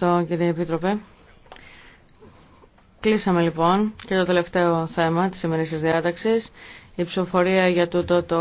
Ευχαριστώ κύριε Επίτροπε. Κλείσαμε λοιπόν και το τελευταίο θέμα της ημερήσιας διάταξης, η ψηφοφορία για τούτο το